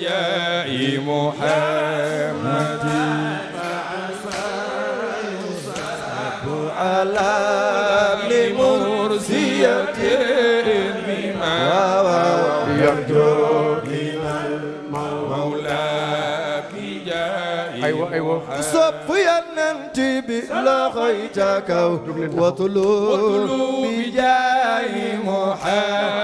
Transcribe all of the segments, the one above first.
جاء محمد مع يصلب على لمرسية بما يرجو ايوه صفيا ننتي بلا غيتك وطلوب بجاي محمد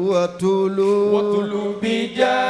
وطلو بجاه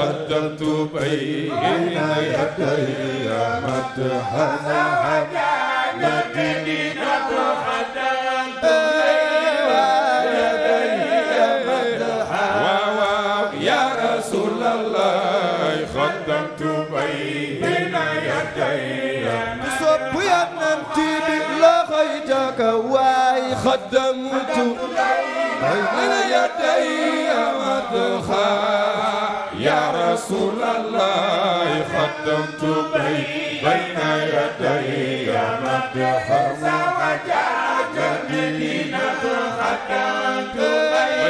قدمت بين يدي مدحنا لكني قدمت بين يدي مدحنا يا رسول الله قدمت بين يدي صب يا نمتي بلا خيجك واي خدمت بين يدي مدحنا رسول الله خدمت بي بين يدي يا مدحر وجاء المدينة خدمت بين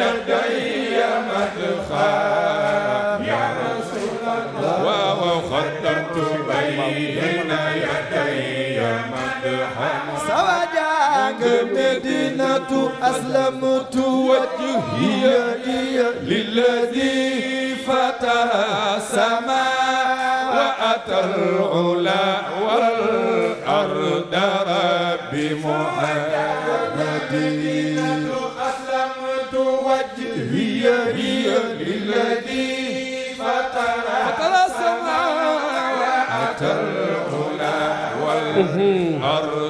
يدي يا مدحر يا رسول الله وخدمت بين يدي يا مدحر المدينة أسلمت وجهي للذي فترى السماء وأتى العلا والأرض ربي محمد أسلمت وجهي هي للذي فترى السماء وأتى العلا والأرض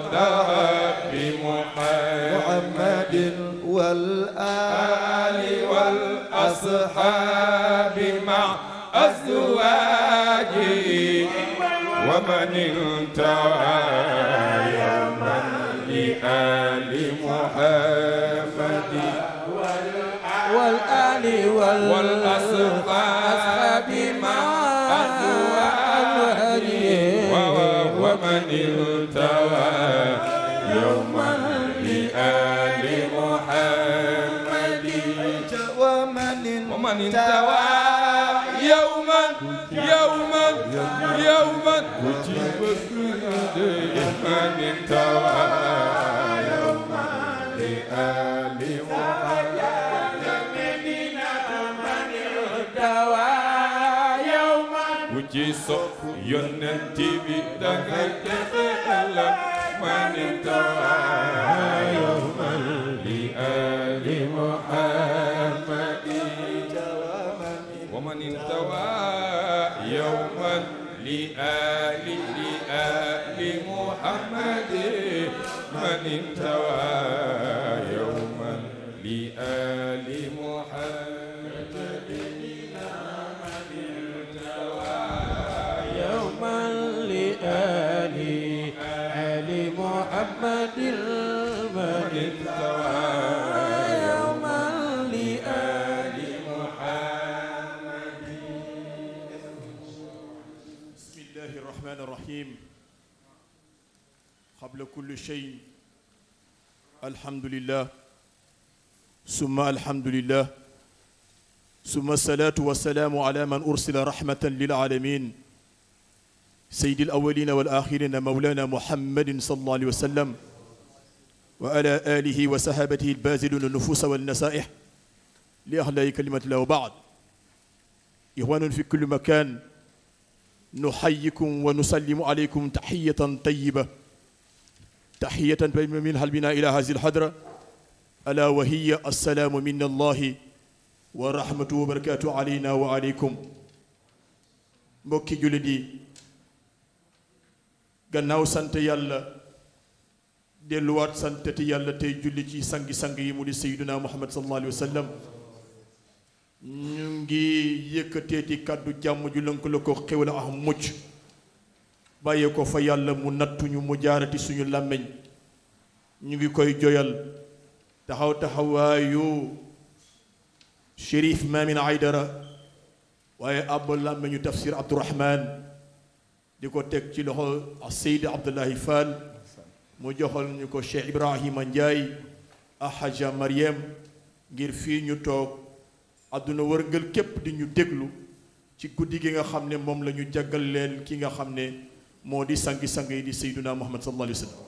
الأصحاب مع أزواجه ومن انتوى يوما لآل محمد والآل والأصحاب مع أزواجه ومن انتوى انتوى يوما يوما يوما وجيب الجنود من انتوى يوما لآل محمد ci sopp yonent bi da nga defe ala man intawa yawman li ali muhammad لآل لآل محمد من انتوى الرحمن الرحيم قبل كل شيء الحمد لله ثم الحمد لله ثم الصلاة والسلام على من أرسل رحمة للعالمين سيد الأولين والآخرين مولانا محمد صلى الله عليه وسلم وعلى آله وصحابته البازلون النفوس والنسائح لأهل كلمة الله وبعد إخوان في كل مكان نحييكم ونسلم عليكم تحية طيبة تحية منها البناء إلى هذه الحضرة ألا وهي السلام من الله ورحمته وبركاته علينا وعليكم mbokki jullit yi gannaaw sant yàlla delluwaat santati yàlla tey julli ci sangi-sang yi mu di sayyiduna muhammad sallallahu alayhi wa sallam ñu ngi yëkkateeti kàddu jàmm ju lënkale ko xéwal ak mucc bàyyee ko fa yàlla mu nattuñu mu jaarati suñu làmmiñ ñu ngi koy joyal taxaw taxawaayu Chérif Maamine Aydara waaye àbb làmmiñu tafsir Abdourahman di ko teg ci loxo Seyd Abdullahi Fall mu joxal ñu ko Cheikh Ibrahima Ndiaye ak Haja Mariam ngir fii ñu toog àdduna war wërngal képp di ñu déglu ci guddi gi nga xam ne moom lañu ñu leen ki nga xam ne moo di sangi-sang yi di sayduna muhammad sallallahu alayhi wa sallam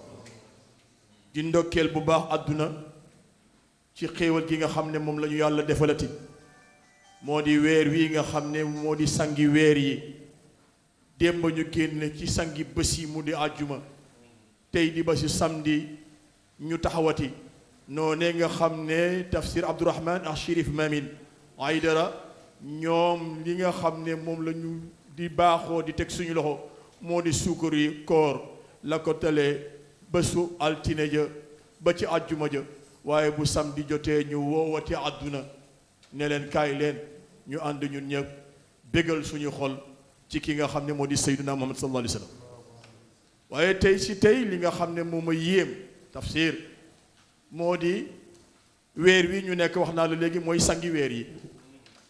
di ndokkeel bu baax àdduna ci xéewal gi nga xam ne moom lañu yàlla defalati moo di weer wii nga xam ne moo di sangi weer yi démb ñu génn ci sangi bés yi mu di àjjuma tey di ba si samedi ñu taxawati noonee nga xam ne tafsir abdourahman ak shérif mamin dara ñoom li nga xam ne moom la ñu di baaxoo di teg suñu loxo moo di suukar yi koor la ko talee bésu altine ja ba ci àjjuma ja waaye bu sam samedi jotee ñu woowati àdduna ne leen kaay leen ñu ànd ñun ñëpp bégal suñu xol ci ki nga xam ne moo di sayyiduna Muhammad sallallahu alayhi waaye tey si tey li nga xam ne moom a yéem tafsir moo di weer wi ñu nekk wax naa la léegi mooy sangi weer yi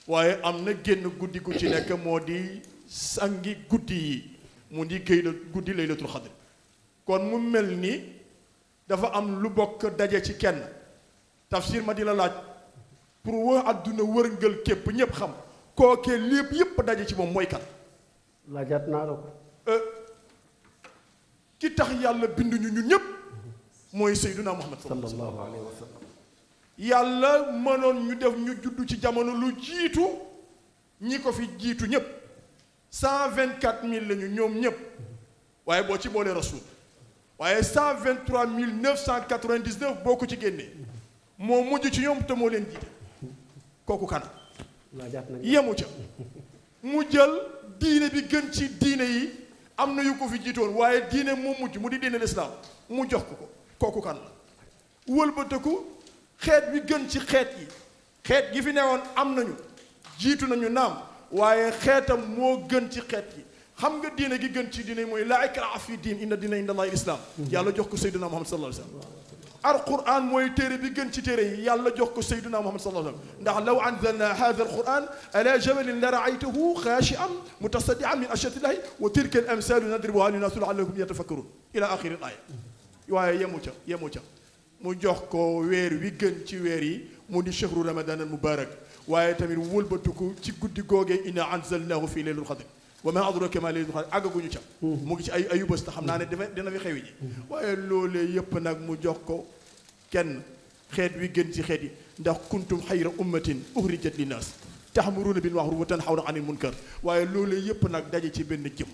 waaye am na génn guddi gu ci nekk moo di sangi guddi yi mu di géy la guddi laylatul xadr kon mu mel ni dafa am lu bokk daje ci kenn tafsir ma di la laaj pour woo àdduna wërngël képp ñépp xam kookee lépp yépp daje ci moom mooy kan laajaat naa la ko euh, ki tax yàlla binduñu ñun ñépp mooy seyduna muhammad sallallahu yàlla mënoon ñu def ñu judd ci jamono lu jiitu ñi ko fi jiitu ñépp cent vingt quatre mille lañu ñoom ñépp waaye boo ci boolee rasul waaye cent vingt trois mille neuf cent quatre vingt dix neuf boo ko ci génnee moo mujj ci ñoom te moo leen jiite kooku kan yemu ca mu jël diine bi gën ci diine yi am na yu ko fi jiitoon waaye diine moo mujj mu di diine lislaam mu jox ko ko kooku kan la wëlbatiku xeet bi gën ci xeet yi xeet gi fi newoon am nañu jiitu nañu naam waaye xeetam moo gën ci xeet yi xam nga diine gi gën ci diine mooy la ikraha fi diin inna diina inda allahi islam yàlla jox ko sayduna muhammad sallallahu alayhi wa sallam alquran mooy téere bi gën ci téere yi yàlla jox ko sayduna muhammad sallallahu alayhi wa sallam ndax law anzalna hadha alquran ala jabalin la raaytahu xaashian mutasaddian min ashatillahi wa tilka al amsalu nadribuha linnaasi laallahum yatafakkarun ila axiri al aya waaye yemu ca yemu ca mu jox ko weer wi gën ci weer yi mu di chahru ramadan al mubarak waaye tamit wëlbatiku ci guddi googee inna anzalnahu fi leylul xadr wa ma adraka ma leylul àggaguñu ca mm-hmm. mu ci ay ayu bés te xam naa ne dafa dina fi xewi ji mm-hmm. loolee yépp nag mu jox ko kenn xeet wi gën ci xeet yi ndax kuntum xayra ummatin uhrijat linnaas taxmuruuna bil ma'ruuf wa tanhawna anil munkar waaye loolee yépp nag daje ci benn jëm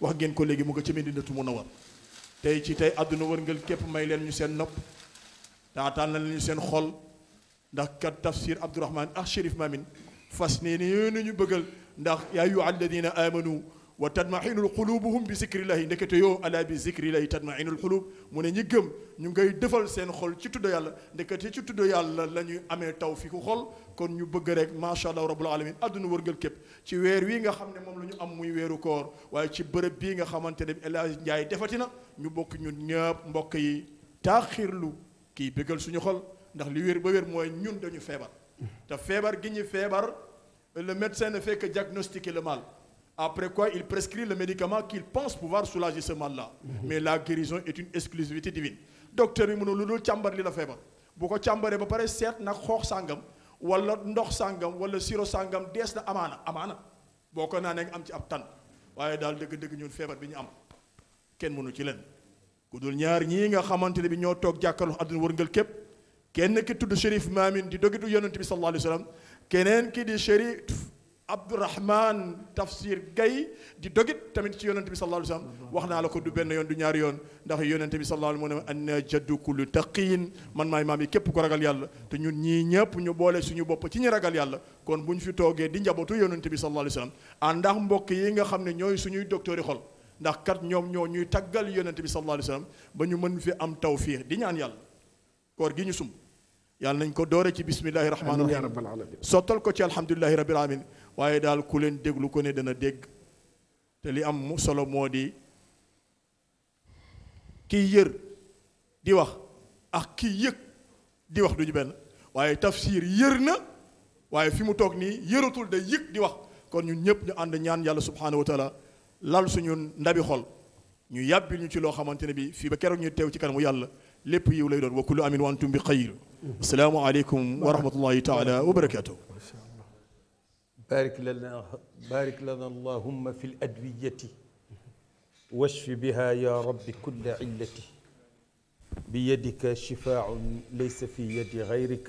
wax gen ko léegi mu nga ca a Munawwara tey ci tey àdduna wërngal képp may leen ñu seen nopp taataan na leen ñu seen xol ndax kat tafsir abdourahman ak shérif mamin fas nee ni yooyu nañu bëggal ndax yaa ayyuha alladina amanu wa tatmainul xuluubuhum bi zikrillahi ndekete yoo ala bi zikrillahi tatmainul xuluub mu ne ñi gëm ñu ngay defal seen xol ci tudd yàlla ndekete ci tudd yàlla la ñuy amee tawfiiku xol kon ñu bëgg rek macha allah rabbul alamin àdduna wërngal képp ci weer wii nga xam ne moom la ñu am muy weeru koor waaye ci bërëb bii nga xamante ne El Hadj Ndiaye defati na ñu bokk ñun ñëpp mbokk yi taaxirlu kii bëggal suñu xol ndax li wér ba wér mooy ñun dañu feebar te feebar gi ñu feebar le médecin fekk diagnostiqué le mal Après quoi, il prescrit le médicament qu'il pense pouvoir soulager ce mal-là. Mhm. Mais la guérison est une exclusivité divine. docteur bi mënul lu dul càmbar li la feebar bu ko càmbaree ba pare seet nag xoox sàngam wala ndox sàngam wala siro sàngam dees na amaana amaana boo ko naanee am ci ab tan waaye daal dëgg-dëgg ñun feebar bi ñu am kenn mënu ci leen ku dul ñaar ñii nga xamante ne bi ñoo toog jàkkaarloo àdduna wërngal képp kenn ki tudd shérif maamin di dogitu yonent bi sallallahu alayhi wa Abdourahman Tafsir Gaye di dogit tamit ci yonente bi sallallahu alayhi wa wax naa la ko du benn yoon du ñaari yoon ndax yonente bi sallallahu alayhi wa sallam mu ne anna jaddu man maay maam yi képp ko ragal yàlla te ñun ñii ñëpp ñu boole suñu bopp ci ñi ragal yàlla kon bu ñu fi toogee di njabootu yonente bi sallallahu alayhi wa sallam àndax mbokk yi nga xam ne ñooy suñuy docteur yi xol ndax kat ñoom ñoo ñuy taggal yonente bi sallallahu alayhi wa sallam ba ñu mën fi am tawfiix di ñaan yàlla koor gi ñu sum yàlla nañ ko doore ci bismillahi rahmaani rahim sottal ko ci alhamdulilahi rabbil alamin waaye daal ku leen déglu ko ne dana dégg te li am solo moo di kiy yër di wax ak kiy yëg di wax duñu benn waaye tafsir yër na waaye fi mu toog nii yëratul da yëg di wax kon ñun ñëpp ñu ànd ñaan yàlla subhaanahu wa taala lal suñu ndabi xol ñu yàbbil ñu ci loo xamante ne bi fii ba keroog ñu teew ci kanamu yàlla lépp yiw lay doon wa kullu amin wa antum bi xayr mm-hmm. assalaamu aleykum wa rahmatullahi taala wa barakatuh بارك لنا بارك لنا اللهم في الأدوية واشف بها يا رب كل علة بيدك شفاع ليس في يد غيرك